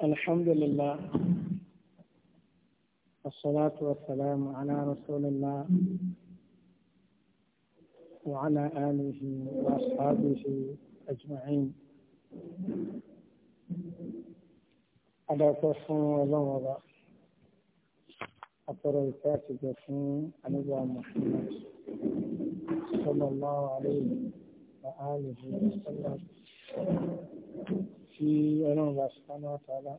الحمد لله والصلاة والسلام على رسول الله وعلى آله وأصحابه أجمعين على كفون وضوضة أطر الكاتب فون عن محمد صلى الله عليه وآله وسلم tí ọlọ́run bá ṣe fánà àtàlá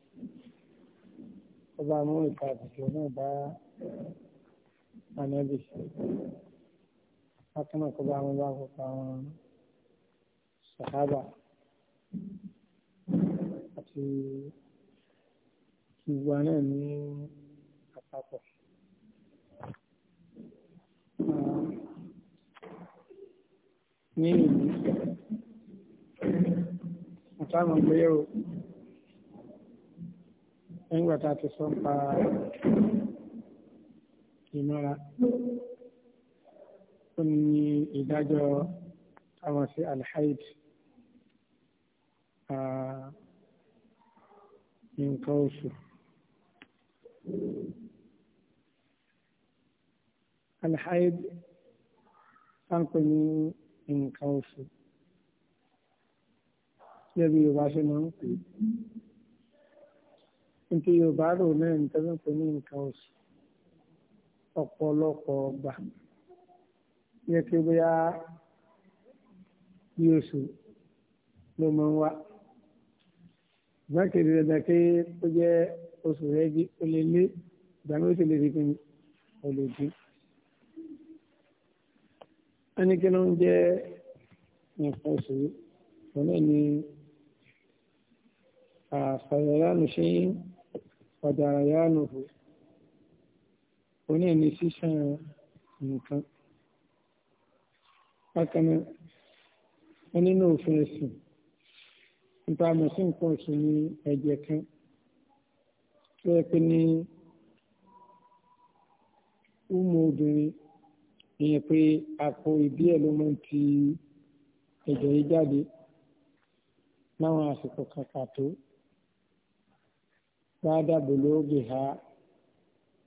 ó bá mú ìka àtìkè náà bá ànábì bákan náà kó bá mú bá kópa àwọn sàhábà àti ìgbà náà ní àpapọ̀. ní ìlú táwọn ìgbéyàwó nígbà tá a ti sọ nípa ìmọ̀ra ó ní ìdájọ́ táwọn sí alhaid nǹkan oṣù. Alhaid sáńpẹ̀ ní nǹkan oṣù lẹ́bi yorùbá ṣe máa ń pè é nítorí yorùbá rò náà ní tẹ́lẹ̀ pé ní nǹkan oṣù ọ̀pọ̀lọpọ̀ ọgbà yẹ kí bóyá bí oṣù ló máa ń wá ìgbàkejì rẹ̀ dàkẹ́ ó jẹ́ oṣù rẹ̀ jí ó lè lé ìgbà mi ó sì ni àfàyàyánu ṣe ń ọ̀dàràyánu hù oní ẹni sísan nǹkan bákanáà wọn nínú òfin ẹ̀sìn nípa àmọ̀ sí nǹkan ọ̀sùn ní ẹ̀jẹ̀ kan tó yẹ pé ní ọmọ obìnrin ìyẹn pé àpò ìbí ẹ̀ ló máa ń ti ẹ̀jẹ̀ yìí jáde láwọn àsìkò kan pàtó báadà bòlóògì ha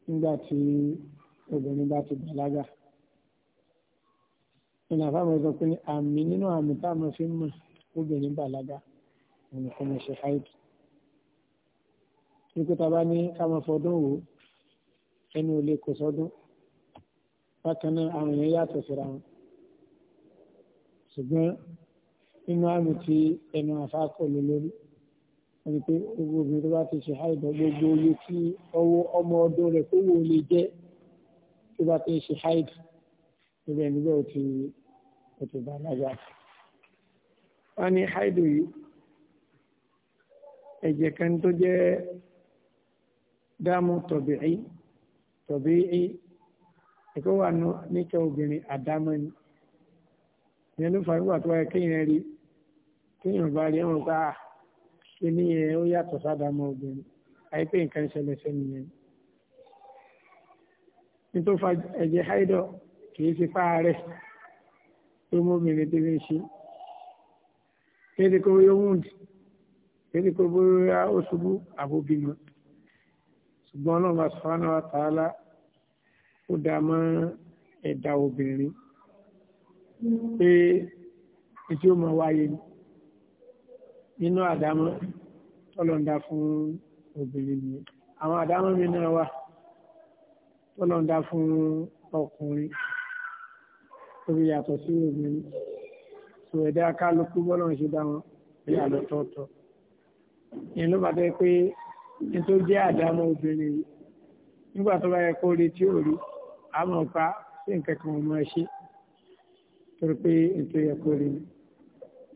nígbà tí obìnrin bá ti bàlágà ìlànà àwọn ọ̀sán pé àmì nínú àmì táwọn fi mọ̀ obìnrin bàlágà òun kò mọ̀ ṣe háìtì nípítà bá ní káwọn fọdún wò ẹnu ò lè kò sọdún bákan náà àwọn èèyàn yàtọ̀ síra wọn ṣùgbọ́n nínú àmì tí ẹnu àfa kò lórí ẹni pé gbogbo obìnrin tó bá ti ṣe háìdọ̀ gbogbo oye tí ọwọ́ ọmọ ọdún rẹ̀ tó wò lè jẹ́ tó bá ti ń ṣe háìdọ̀ níbẹ̀ níbẹ̀ ò ti ò ti bá lájà. wọ́n ní háìdọ̀ yìí ẹ̀jẹ̀ kan tó jẹ́ dáàmú tọ̀bìrì tọ̀bìrì ẹ̀kọ́ wà níkẹ́ obìnrin àdámọ́ ni ìyẹn ló fà nígbà tó wáyé kéèyàn rí kéèyàn bá rí ẹ̀wọ̀n pé ah kíní yẹn ó yàtọ̀ sádàmọ́ obìnrin àìpé nǹkan ṣẹlẹ̀ sẹ́ni yẹn nítorí fa ẹ̀jẹ̀ haidọ̀ kìí ṣe fáàrẹ̀ tó mọ́bìnrin tó fi ń ṣe kéde kó yóò wúndì kéde kó bóyá ó ṣubú àbóbìnú ṣùgbọ́n náà bá sọ́nà wa tààlà ó dá mọ́ ẹ̀dá obìnrin pé ètí ó wáyé ni nínú àdámọ́ tọ́lọ̀ǹda fún obìnrin nìyẹn àwọn àdámọ́ mi náà wà tọ́lọ̀ǹda fún ọkùnrin orí yàtọ̀ sí obìnrin sọ ẹ̀dá kálukú bọ́lọ̀ ṣe dá wọn bí àlọ́tọ̀ọ̀tọ̀ ìyẹn ló bàtẹ́ pé nítorí jẹ́ àdámọ́ obìnrin yìí nígbà tó bá yẹ kó rí tí ò rí àmọ́ pa ah, sí nǹkan kan ọmọ ẹ ṣe torí pé ètò yẹ kó rí ni.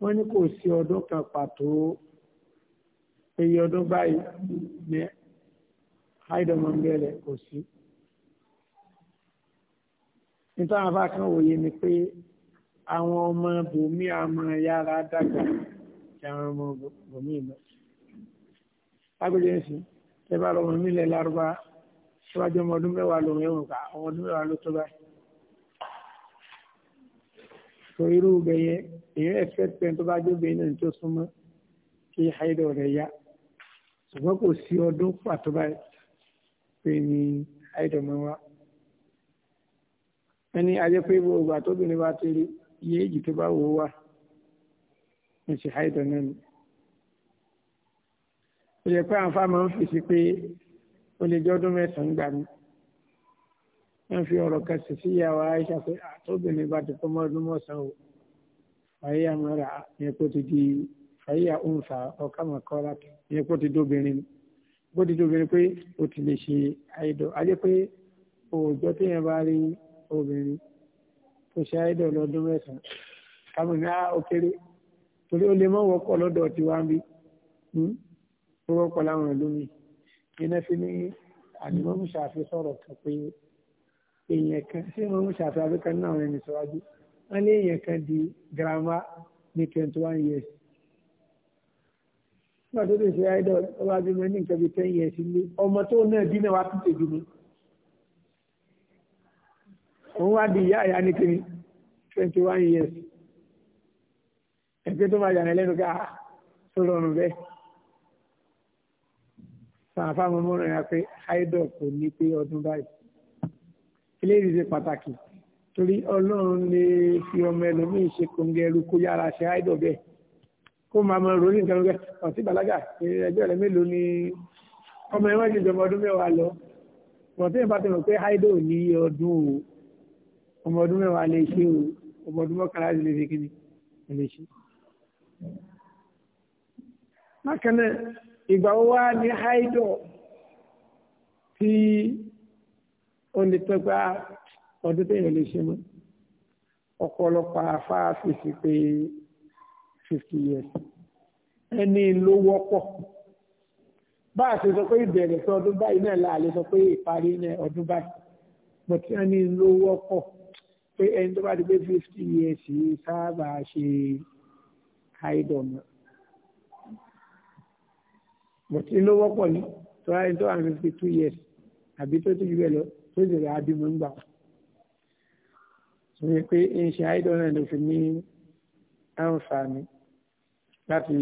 wọ́n ní kò sí ọdún kan pàtó iye ọdún báyìí ní haidọ̀mọ̀ ń bẹ̀rẹ̀ kò sí. nítorí àwọn afákan wòye ni pé àwọn ọmọ bòmí àmọ́ yára dàgbà kí àwọn ọmọ bòmí lọ. lágbèjì ń sìn ẹ bá lọ́mọ mílẹ̀ lárúbá síwájú ọmọ ọdún mẹ́wàá lòun ẹ̀wọ̀n ká ah, ọmọ ọdún mẹ́wàá ló tó báyìí so irú bẹyẹ èyàn expect pé tó bá jóbe náà tó súnmọ́ kí haidọ̀ rẹ̀ yá ṣùgbọ́n kò sí ọdún pàtó báyìí pé ní haidọ̀ máa wá ẹni ajẹ́ pé gbogbo àtọ́bìnrin bá ti rí iye èjì wọ́n fi ọ̀rọ̀ kan sì sí ìyàwó Aisha pé àtọ́bìnrin bá ti kọ́ mọ́ ọdún mọ́sàn-án o fàyà mọ́ra ní kó ti di fàyà òǹfà ọ̀kàmọ̀ kọ́ra ní kó ti dóbìnrin kó ti dóbìnrin pé o ti lè ṣe àìdọ̀ ajé pé òòjọ́ téèyàn bá rí obìnrin tó ṣe àìdọ̀ lọ́dún mẹ́sàn-án kámọ̀ ní á ó kéré torí ó lè mọ́ wọ́pọ̀ lọ́dọ̀ tiwa ń bí hmm? wọ́pọ̀ láwọn ìlú mi iná ní àdìmọ́mùsà èèyàn kan ṣé wọn mú ṣàfihàn kan náà rìn níṣọwájú wọn ní èèyàn kan di girama ní twenty one years nígbà tó lè ṣe idol ọba bímọ ní nǹkan bíi ten years ilé ọmọ tó náà bí náà wá tún tèjú mi òun wá di ìyá ìyá ní kiri twenty one years ẹgbẹ́ tó máa yàn lẹ́nu ká ah, tó rọrùn bẹ́ẹ̀ sàn fáwọn ọmọ rẹ̀ yà pé idol kò ní pé ọdún báyìí eléyìí ṣe pàtàkì torí ọlọ́run lè fi ọmọ ẹlòmíì ṣe kòǹgẹ́ ẹrú kó yára ṣe áìdọ̀ bẹ́ẹ̀ kó máa mọ ròrí nǹkan rẹ ọtí bàlágà ẹgbẹ́ rẹ mélòó ni ọmọ ẹ̀wọ̀n ti jọmọ ọdún mẹ́wàá lọ ọtí ìbá ti mọ̀ pé áìdọ̀ ní ọdún o ọmọ ọdún mẹ́wàá lè ṣe o ọmọ ọdún mọ́kànlá lè ṣe kíni lè ṣe. bákan náà ìgbà wo wá ní áìdọ̀ ó lè pẹ́ pé ah, ọdún téèyàn lè ṣe mọ́ ọ̀pọ̀lọpọ̀ àfáà fèsì pé fifty years ẹni ló wọ́pọ̀ bá a ṣe sọ pé ìbẹ̀rẹ̀ sí ọdún báyìí náà láàlẹ́ sọ pé ìparí náà ọdún báyìí but ẹni ló wọ́pọ̀ pé ẹni tó bá ti gbé fifty years yìí sábà ṣe àìdọ̀mọ́ but ló wọ́pọ̀ ní tó wáyé tó wà ní fifty two years àbí tó ti jù bẹ́ẹ̀ lọ tó sì rẹ̀ adìmú ń gbà ní pé ṣe àìdọ́ náà ló fi ní àǹfààní láti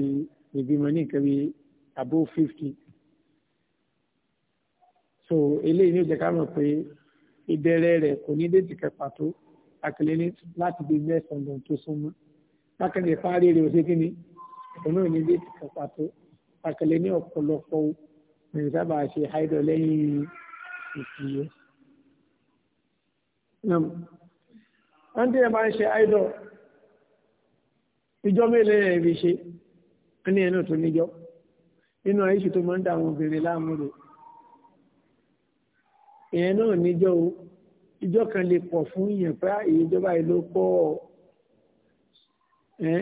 ìbímọ ní nǹkan bíi above fifty so eléyìí ní ó jẹ́ ká mọ̀ pé ìbẹ̀rẹ̀ rẹ̀ kò ní déjì kẹpà tó àkìlẹ̀ ní láti bí mẹ́sàn-án lọ tó súnmọ́ lákàlẹ̀ parí rẹ̀ òṣè kí ni òun náà ní déjì kẹpà tó àkìlẹ̀ ní ọ̀pọ̀lọpọ̀ òun sábà ṣe àìdọ̀ lẹ́yìn ìfìyẹ́ nam wọ́n tí ẹ bá ń ṣe idol ìjọ mélòó yẹn fi ṣe wọ́n ní ẹnu tó níjọ́ nínú àyíṣù tó máa ń dà àwọn obìnrin láàmú rẹ̀ ìyẹn náà níjọ́ o ìjọ kan lè pọ̀ fún ìyẹn pé ah, ìjọba yìí ló pọ̀ ẹ́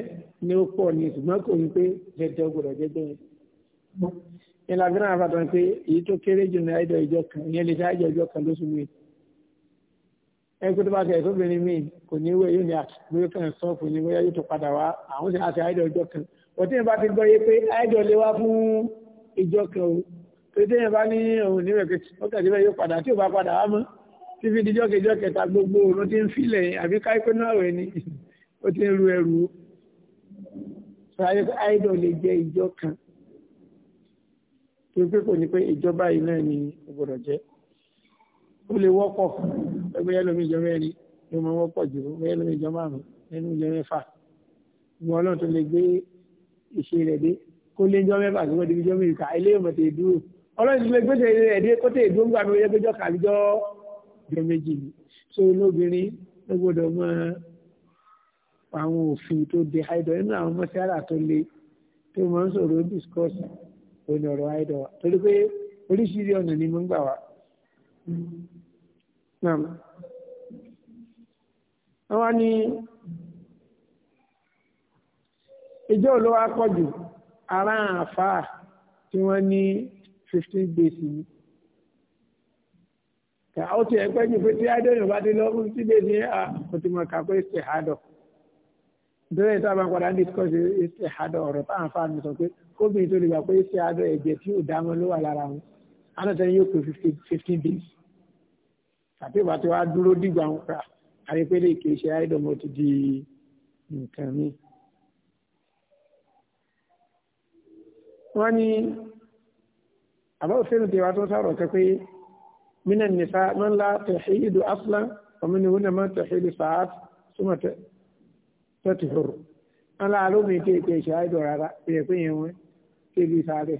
ní ó pọ̀ ni ṣùgbọ́n kò ní pé jẹjẹ gbọdọ̀ jẹjẹ yẹn ìlànà àbàdàn pé èyí tó kéré jù ní àìdọ̀ kan ìyẹn lè ṣe àìjọ ìjọ kan lóṣù mìíràn ẹgbẹ́ tó bá tẹ̀ tóbìnrin míì kò ní wẹ̀ yóò ní àgbéyé kan sọ́ọ̀fù ní wẹ́yà yóò tó padà wá àwọn sì àti àìdọ̀ ọjọ́ kan ọtí yẹn bá ti gbọ́ yé pé àìdọ̀ lè wá fún ìjọ kan o pété yẹn bá ní òun níwẹ̀ kejì ó kàdé bẹ́ẹ̀ yóò padà tí ò bá padà wá mọ́ fífi díjọ́ kejọ́ kẹta gbogbo òun ti ń filẹ̀ àbí káípẹ́ náà rẹ̀ ni ó ti ń ru ẹrù o sáré pé àìdọ̀ lè jẹ́ ìjọ kan tó pé kò ní pé ìjọba yìí náà ni ò gbọ́dọ̀ jẹ́ ó lè wọ́pọ̀ ẹgbẹ́ ẹlòmíì jọ mẹ́rin ló mọ wọ́n pọ̀ jù ẹgbẹ́ ẹlòmíì jọ márùn-ún ẹnu jọ mẹ́fà gbọ́n ọlọ́run tó lè gbé ìṣe rẹ̀ dé kó lé jọ mẹ́fà tó wọ́n débi jọ mẹ́rin ká ilé ìmọ̀ tè dúró ọlọ́run tó lè gbé tè rẹ̀ dé kó tè dúró gbàgbé ẹgbẹ́ jọ kàbí jọ jọ méjì ni so lóbìnrin ló gbọ́dọ̀ mọ àwọn òfin tó de haidọ̀ nínú àwọn mọ́ṣálà tó le tó máa ń sọ̀rọ̀ discourse òní ọ̀rọ̀ haidọ̀ torí pé oríṣiríṣi ọ̀nà ni mo ń gbà wá. Nàmà. Wọ́n ní ìjọ olówó akọ́jù ara àfáà tí wọ́n ní 15 days yìí. Kà ó ti ẹ̀pẹ́ jù pé tí Adéyìn bá dé lọ́wọ́ fifteen days yẹn à kò ti mọ̀ kàkó ìsẹ̀ àádọ́. Bẹ́ẹ̀ tí a bá padà discuss ìsẹ̀ àádọ́ ọ̀rọ̀ táwọn afáà mi sọ pé kóbìnrin tó lè gbà pé ìsẹ̀ àádọ́ ẹ̀jẹ̀ tí ò dámọ́ ló wà lára wọn. Àná tẹ́lẹ̀ yóò pé fifteen days àti ìgbà tí wàá dúró dìgbà ń ra àrípélé kìí ṣe àìdọ̀mọ ti di nǹkan mi. wọ́n ní àbá òfin tiwa tó sọ̀rọ̀ kan pé mina nisa man la tahidu aslan wa min hunna man tahidu sa'at suma tatihur ala alomi ke ke shaidu rara pe pe yen won ke bi sare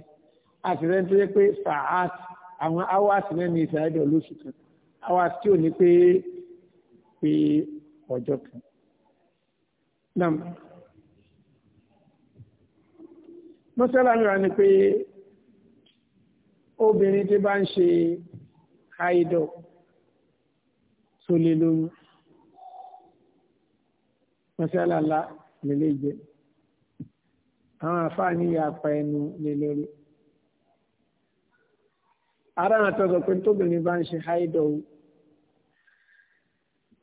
àti ren tó jẹ́ pé sa'at àwọn hours na ni shaidu lóṣù kan àwa tí ò ní pé pé ọjọ́ kan. Nam. Mọ́sálà mìíràn ni pé obìnrin tí bá ń ṣe haidọ̀ tó lé lóyún. Mọ́sálà ńlá lélẹ́ jẹ́. Àwọn àfáàní yà pa ẹnu lé lórí. Ara àtọ́sọ̀ pé tóbìnrin bá ń ṣe haidọ̀ o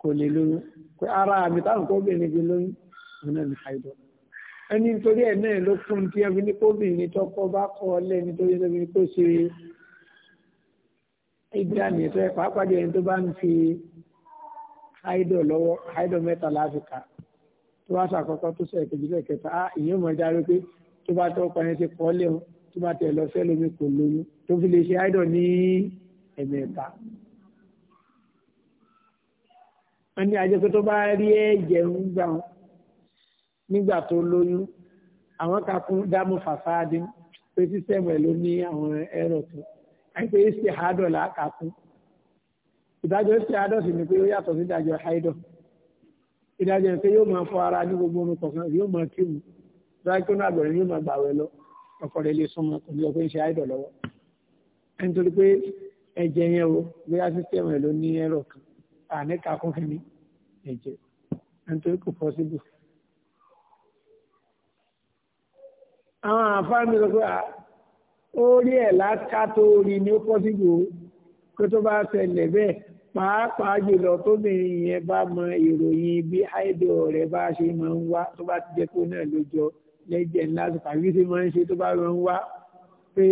kò lè lóyún pé ara àmì táwọn kó obìnrin fi lóyún òun náà ní àìdọ́ ẹni nítorí ẹ̀ náà ló fún tí ẹbí ní kóbìnrin tọkọ bá kọ ọ lẹ́ nítorí ẹbí ní kó ṣe ìgbà nìyẹn tó ẹ pàápàá jẹ́ ẹni tó bá ń fi àìdọ̀ lọ́wọ́ àìdọ̀ mẹ́ta láfíkà tó bá ṣàkọ́kọ́ tó ṣe ìkejì lẹ́ẹ̀kẹta á ìyẹn mọ̀ járe pé tó bá tọ́ ọkọ yẹn ti kọ́ lẹ́hùn tó bá tẹ̀ lọ fẹ́ lómi kò lóyún tó fi lè ṣe àìdọ̀ ní ẹ̀mẹ̀ta wọ́n ní ajẹ́ pé tó bá rí ẹ̀jẹ̀ ń gbà wọn nígbà tó lóyún àwọn kan fún dámú fàfáàdì pé sísẹ́mù ẹ̀ ló ní àwọn ẹ̀rọ tó àìpé ṣe àádọ́ là á kà fún ìdájọ́ ṣe àádọ́ sì ni pé ó yàtọ̀ sí ìdájọ́ àìdọ̀ ìdájọ́ pé yóò máa fọ ara ní gbogbo omi kọ̀ọ̀kan yóò máa kí mu dájú náà àgbẹ̀rẹ̀ yóò máa gbàwẹ̀ lọ ọkọ rẹ̀ lè súnmọ́ kò ní ọkọ ń ṣe àìdọ̀ lọ́wọ́ ẹni torí pé ẹ̀jẹ̀ yẹn o bóyá sísẹ́mù ẹ̀ ló ní ẹ̀rọ kan àníkà kún kí ni ẹ̀jẹ̀ nítorí kò pọ́síbù. àwọn àǹfààní sọ pé orí ẹ̀ láká tó rí ni ó pọ́síbù pé tó bá ṣẹlẹ̀ bẹ́ẹ̀ pàápàá jùlọ tóbìnrin yẹn bá mọ ìròyìn bí áìdọ̀ rẹ̀ bá ṣe máa ń wá tó bá ti jẹ́ kó náà lójọ lẹ́jẹ̀ ńlá tó kàwé sí máa ń ṣe tó bá rọ ń wá pé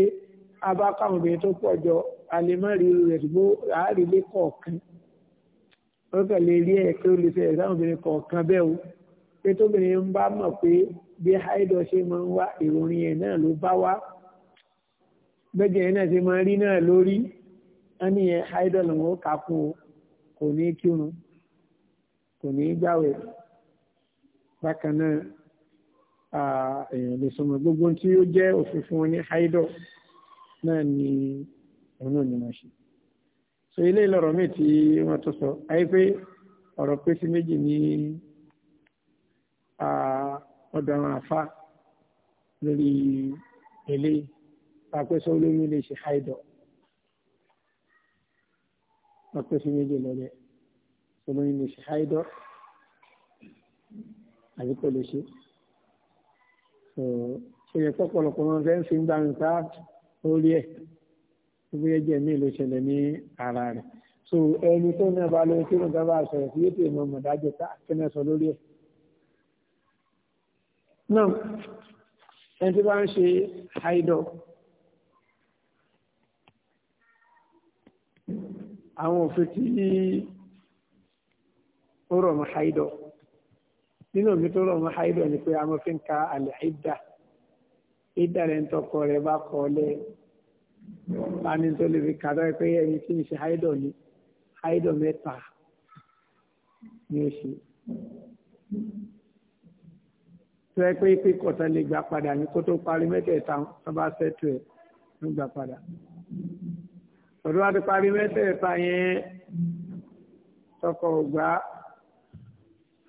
abákàwọn obìnrin tó pọ̀ jọ àlèmọ́ rí rẹ̀ ṣùgbọ́n àárílé kọ̀ọ̀kan ó kàn lè rí ẹ̀ pé ó lè fẹ́rẹ̀ sáwọn obìnrin kọ̀ọ̀kan bẹ́ẹ̀ o pé tóbìnrin ń bá mọ̀ pé bí haidọ̀ ṣe máa ń wá ìròyìn ẹ̀ náà ló bá wá gbẹ́jẹ̀ ẹ̀ náà ṣe máa ń rí náà lórí wọ́n ní yẹn haidọ̀ lòun ó kà kún o kò ní kírun kò ní gbàwẹ̀ bákan náà èèyàn lè sọmọ gbogbo tí ó jẹ́ òfin fún wọn ní haidọ̀ náà ni òun náà ni wọ́n ṣe so ilé ìlọrọ míì tí wọn tó sọ ayé pé ọ̀rọ̀ pé sí méjì ní ọ̀dọ̀ àwọn àfa lórí ilé àpèsè olómi lè ṣe haidọ àpèsè méjì lọlẹ olómi lè ṣe haidọ àbí kò lè ṣe so ṣe yẹ kọpọlọpọ wọn fẹẹ fi ń gbà ń ta orí ẹ gbogbo ẹ̀jẹ̀ mi ló ṣẹlẹ̀ ní ara rẹ̀ so ẹni tó náà bá lóyún tí wọn bá sọ̀rọ̀ sí yóò tẹ ìmọ̀ mọ̀dájọ́ tá kíni sọ lórí ẹ̀. náà ẹni tó bá ń ṣe haidọ̀ àwọn òfin tí ó rọ̀ mọ́ haidọ̀ nínú òfin tó rọ̀ mọ́ haidọ̀ ni pé àwọn òfin ka àlẹ́ ìdá ìdá rẹ̀ ń tọkọ rẹ̀ bá kọ́ ọ lẹ́yìn bá ní tó lè fi kàdá pé ẹni tí ń ṣe áìdọ̀ ni áìdọ̀ mẹ́ta ni ó ṣe tó ẹ pé pé kọ̀tà lè gbà padà ní kó tó parí mẹ́tẹ̀ẹ̀ta tó bá sẹ́tù ẹ̀ ló gbà padà ọ̀dọ́ wa ti parí mẹ́tẹ̀ẹ̀ta yẹn tọkọ ògbà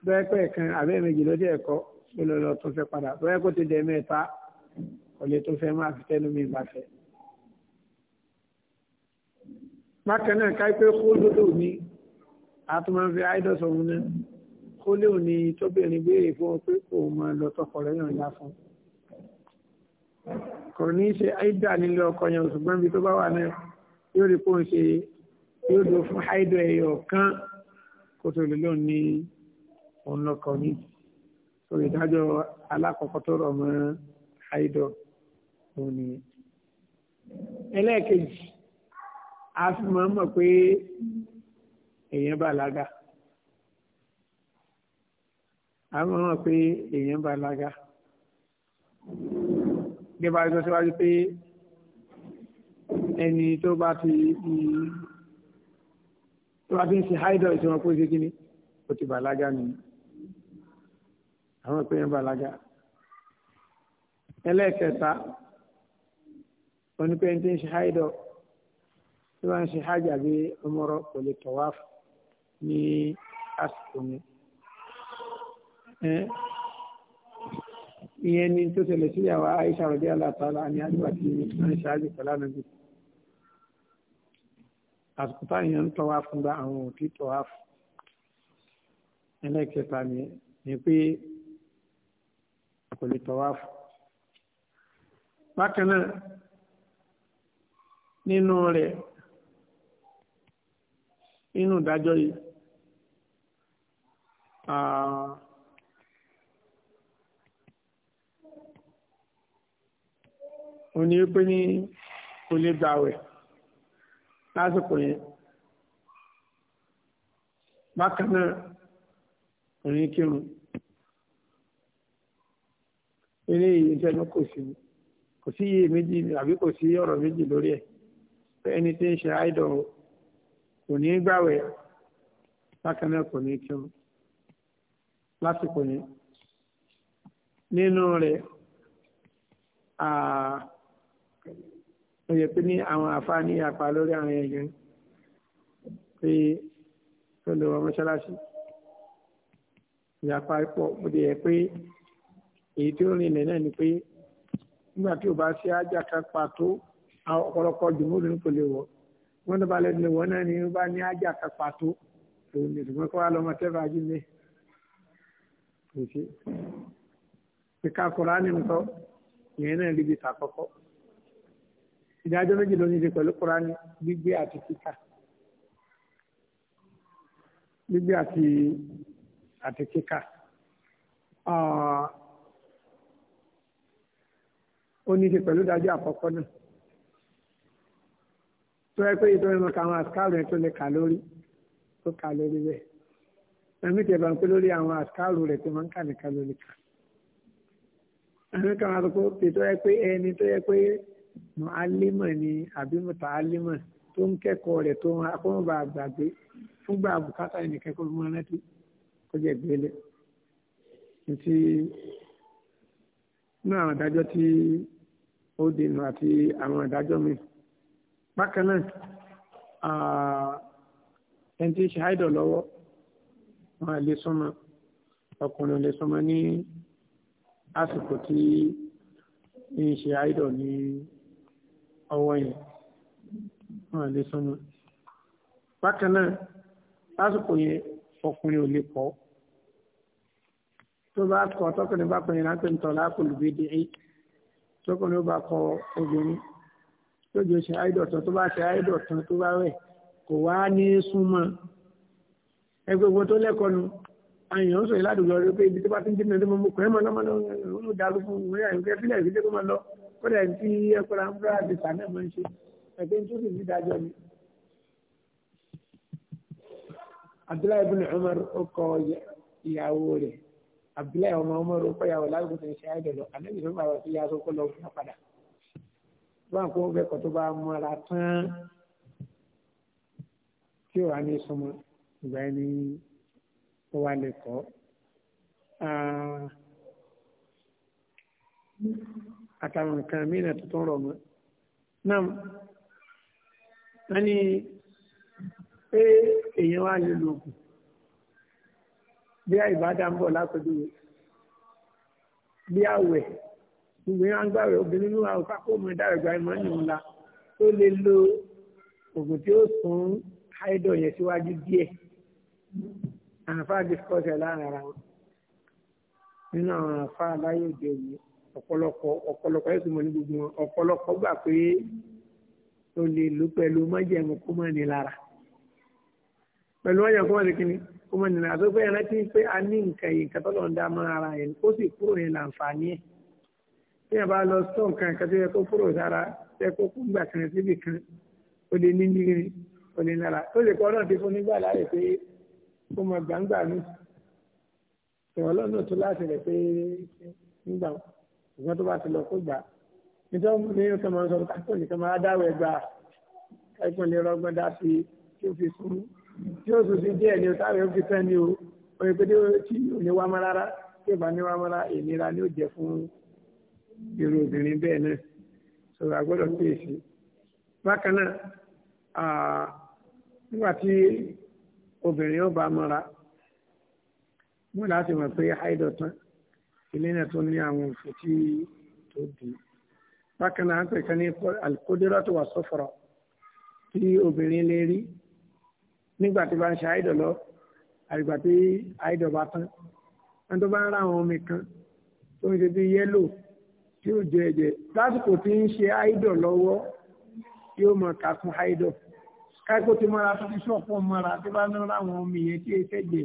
bẹ́ẹ̀ pẹ̀ kan àbẹ́ méjì ló dé ẹ̀kọ́ ló lọ tó fẹ́ padà bẹ́ẹ̀ kó ti dẹ̀ mẹ́ta kò tó fẹ́ máa fi tẹ́nu mi bá fẹ́. bákan náà ká pé kólódò ní àtúmọ̀fẹ́ idols ọ̀hún náà kólé òní tóbìnrin béèrè fún ọ pé kò mọ lọ tọkọ rẹ yàn yá fún kò ní í ṣe aida nílé ọkọ yẹn ṣùgbọ́n ibi tó bá wà náà yóò rí pé òun ṣe yóò dò fún aida ẹyọ kan kó tó lè lóun ní òun lọkọ ní sórí ìdájọ́ alákọ̀ọ́kọ́ tó rọ̀ mọ́ aida òun nìyẹn ẹlẹ́ẹ̀kejì a fi máa mọ̀ pé èèyàn bàlágà a máa mọ̀ pé èèyàn bàlágà gẹ́gbà tó síwájú pé ẹni tó bá ti tó bá ti ń ṣe haidọ̀ ìṣòro pé ṣe kí ni ó ti bàlágà nìyí àwọn ìpínlẹ̀ balaga ẹlẹ́ẹ̀kẹta onípẹ́ntì ń ṣe háìdọ̀ tí wọ́n ń ṣe hajj àbí umra kò lè ní àsìkò ni. ìyẹn ni tó ṣẹlẹ̀ sí àwọn Aisha radiyallahu ta'ala ní àdúrà tí wọ́n ń ṣe hajj pẹ̀lú ànábì. àsìkò táyà ń tawaf gba àwọn òkè tawaf ẹlẹ́kẹta ni ni pé kò lè tawaf. bákan náà nínú rẹ̀ inú ìdájọ́ yìí ó ní pé ní kò lè gbàwẹ̀ lásìkò yẹn bákan náà kò ní kírun eléyìí ìṣẹ́nu kò sí kò sí iye méjì àbí kò sí ọ̀rọ̀ méjì lórí ẹ̀ ẹni tí ń ṣe idol kò ní gbàwẹ̀ bákan náà kò ní kírun lásìkò yẹn nínú rẹ̀ ó yẹ pé ní àwọn àfáàní apá lórí àwọn ẹ̀yẹ pé tó lè wọ mọ́ṣáláṣí ìyapa pọ̀ ó dẹ̀ yẹ pé èyí tí ó náà ni pé nígbà tí ò bá ṣe ájà kan pàtó ọ̀pọ̀lọpọ̀ jùmọ̀ ló ń pèlè wọ̀ wọ́n tó bá lẹ́nu ìwọ náà ni wọ́n bá ní ájà kan pàtó òun ni ṣùgbọ́n kó wá lọ́mọ tẹ́fà jí mi kò ṣe ìka kùránì nǹkan ìyẹn náà ríbi tàkọ́kọ́ ìdájọ́ méjì ló ní ṣe pẹ̀lú kùránì gbígbé àti kíkà gbígbé àti àti kíkà ó ní ṣe pẹ̀lú ìdájọ́ àkọ́kọ́ náà tó yẹ pé ìtọ́ ìmọ̀ kà àwọn àṣkáàrù yẹn tó lè kà lórí tó kà lórí bẹ́ẹ̀ ẹ̀mí tẹ̀ bá ń pé lórí àwọn àṣkáàrù rẹ̀ tó máa ń kà nìkan lórí kà ẹ̀mí kan máa tó tó yẹ pé ẹni tó yẹ pé mọ̀ álímọ̀ ni àbí mọ̀tà álímọ̀ tó ń kẹ́kọ̀ọ́ rẹ̀ tó ń akọ́mọ̀bà àgbàgbé fúngbà bùkátà ẹnìkan kó mọ́ rántí kó jẹ́ gbélé ti nínú àwọn ìdájọ́ tí ó dènà àti àwọn ìdájọ́ mìíràn bákan náà ẹni tí ń ṣe àìdọ̀ lọ́wọ́ wọn lè sọmọ ọkùnrin lè sọmọ ní àsìkò tí ń ṣe àìdọ̀ ní ọwọ́ yẹn wọn lè sọmọ bákan náà lásìkò yẹn ọkùnrin ò lè kọ́ tó bá kọ́ tọkùnrin bá kọ́ yẹn ń tọ̀ lápò lùgbé dé tọkùnrin ó bá kọ́ obìnrin lójú ṣe àìdọ̀tán tó bá ṣe àìdọ̀tán tó bá wẹ̀ kò wá ní súnmọ́ ẹgbẹ̀gbọ́n tó lẹ́kọ̀ọ́ nu àyàn sọ̀rọ̀ ládùúgbò rẹ pé ibi tó bá ti ń jẹ́ mẹ́rin mọ́ kọ́ ẹ̀ mọ́ lọ́mọ́ lọ́wọ́ ló dàrú fún un rẹ̀ ẹ̀ fílẹ̀ ìdílé tó máa lọ kódà tí ẹ̀kọ́ra ń bá àti sàmẹ́ mọ́ ń ṣe ẹ̀gbẹ́ tó sì ní ìdájọ́ ni. Abdullahi ibn Umar ó kọ ìyàwó rẹ̀ Abdullahi ọmọ Umar ó kọ ìyàwó ládùúgbò tó ń ṣe àìdọ̀lọ́ báwọn kò fẹ́ kọ́ tó bá mọ́ra tán tí ò wá ní súnmọ́ ìgbà ẹni ó wá lè kọ́. Ah, àtàwọn nǹkan mìíràn tó tún rọ̀ mọ́. náà wọ́n ní pé èèyàn wá lè lo oògùn bí àìbádá ń bọ̀ lápẹ́jọ́ bí àwẹ̀ obìnrin á ń gbàwẹ̀ obìnrin ló wà ó kákó mọ dárẹ̀gbà ẹ̀mọ́ ní ńlá tó lè lo oògùn tí ó sún áìdọ̀ yẹn síwájú díẹ̀ àǹfààní discourse ẹ̀ láàrin ara wọn nínú àwọn àǹfààní láyé òde òní ọ̀pọ̀lọpọ̀ ọ̀pọ̀lọpọ̀ ẹ̀sùn mọ̀ ní gbogbo wọn ọ̀pọ̀lọpọ̀ gbà pé o lè lò pẹ̀lú májẹ̀mú kó mọ̀ ní lára pẹ̀lú májẹ̀mú kó mọ̀ ní kíni kó mọ̀ ní lára tó fẹ́ rántí pé a ní nǹkan yìí nǹkan tó lọ́ọ́ dá mọ́ ara yẹn ó sì kúrò ní láǹfààní bí ẹ bá lọ sọ nǹkan kan tó yẹ kó kúrò sára tó yẹ kó kú gbà kan síbì kan ó lè ní nírin ó lè nára ó lè kọ́ náà ti fún nígbà láàyè pé kó mọ gbàǹgbà mi ìwọ lọ́nà tó láti rẹ̀ pé nígbà ìgbọ́n tó bá ti lọ kó gbà nítorí ní ọ̀sán máa ń sọ pé káìpọ̀ nìkan máa dáwọ̀ ẹgbà káìpọ̀ lè rọgbọ́n dá sí tí ó fi sún tí ó sùn sí díẹ̀ ni ó sáré ó fi tán ni o oye pé tí ò ní wá mọ́ rárá tí ò ní wá mọ́ rárá ìnira ni ó jẹ fún irú obìnrin bẹ́ẹ̀ náà sọ̀rọ̀ àgbọ́dọ̀ pèsè bákan náà nígbà tí obìnrin ó bá mọ́ra mú láti mọ̀ pé àìdọ̀tán ilé náà tó ní àwọn òfin tí tó di bákan náà ń pè kan ní alikódérọ́ tó wà sọ́fọ̀rọ̀ tí obìnrin lè rí nígbà tí bá ń ṣe àìdọ̀ lọ àgbà tí àìdọ̀ bá tán ẹni tó bá ń ra àwọn omi kan tó ń ṣe bí yẹ́lò tí ó jẹ ẹ̀jẹ̀ lásìkò tí ń ṣe áìdọ̀ lọ́wọ́ tí ó mọ̀ kàkún áìdọ̀ káìkó ti mọ́ra tó ti ṣọ̀pọ̀ mọ́ra tí bá náà láwọn omi yẹn tí èsẹ̀ jẹ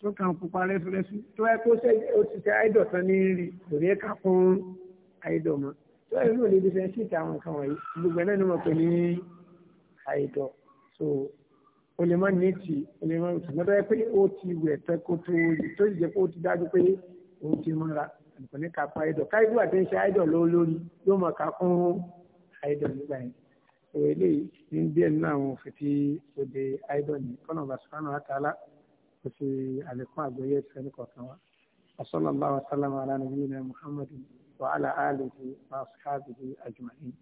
tó kàn pupa rẹ́sùrẹ́sù tó ẹ kó ṣe ó ti ṣe áìdọ̀ tán ní rí kò rí ẹ̀ka fún áìdọ̀ mọ́ tó ẹ ló lè di fẹ́ sí àwọn nǹkan wọ̀nyí gbogbo náà ni mo pè ní áìdọ̀ so o lè má ní ti o lè má ní ti mọ́tọ́ yẹ pé ó ti wẹ̀ tẹ́kótó tó sì jẹ́ pé ó ti dájú pé òun ti mọ́ra kò ní ká pa idol káyọ̀ nígbà tí ń ṣe idol ló lórí yóò mọ̀ ká fún idol nígbà yẹn òwe eléyìí ní díẹ̀ nínú àwọn òfin tí òde idol ní kọ́nà basùkánà àtàlà kò sí àlékún àgbọ́yé ìfẹ́ni kọ̀ọ̀kan wa wasalaamu alaykum wa rahmatulahi wa barakatuh wa ala alihi wa ashabihi ajma'in.